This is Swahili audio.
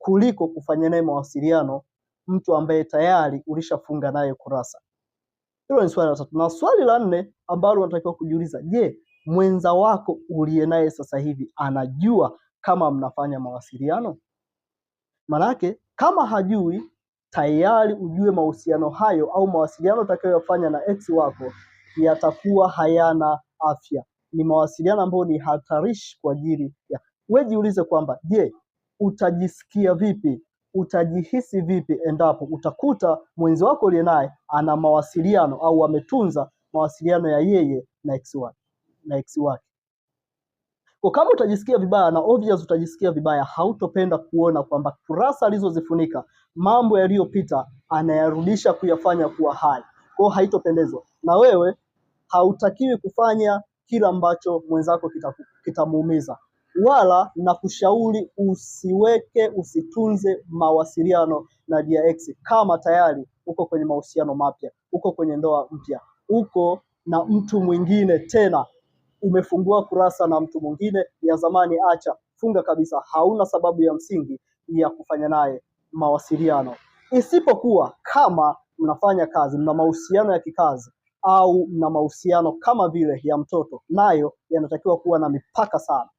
kuliko kufanya naye mawasiliano mtu ambaye tayari ulishafunga naye kurasa. Hilo ni swali la tatu, na swali la nne ambalo unatakiwa kujiuliza, je, mwenza wako uliye naye sasa hivi anajua kama mnafanya mawasiliano? Manake kama hajui tayari ujue mahusiano hayo au mawasiliano utakayofanya na ex wako yatakuwa hayana afya. Ni mawasiliano ambayo ni hatarishi kwa ajili ya wewe. Jiulize kwamba je, utajisikia vipi, utajihisi vipi endapo utakuta mwenzi wako uliye naye ana mawasiliano au ametunza mawasiliano ya yeye na ex wake na ex wake. Kwa kama utajisikia vibaya na obvious utajisikia vibaya, hautopenda kuona kwamba kurasa alizozifunika mambo yaliyopita anayarudisha kuyafanya kuwa hai, kwa haitopendezwa na wewe. Hautakiwi kufanya kila ambacho mwenzako kitamuumiza wala na kushauri usiweke, usitunze mawasiliano na dia ex kama tayari uko kwenye mahusiano mapya, uko kwenye ndoa mpya, uko na mtu mwingine tena, umefungua kurasa na mtu mwingine ya zamani. Acha, funga kabisa, hauna sababu ya msingi ya kufanya naye mawasiliano, isipokuwa kama mnafanya kazi, mna mahusiano ya kikazi au mna mahusiano kama vile ya mtoto, nayo yanatakiwa kuwa na mipaka sana.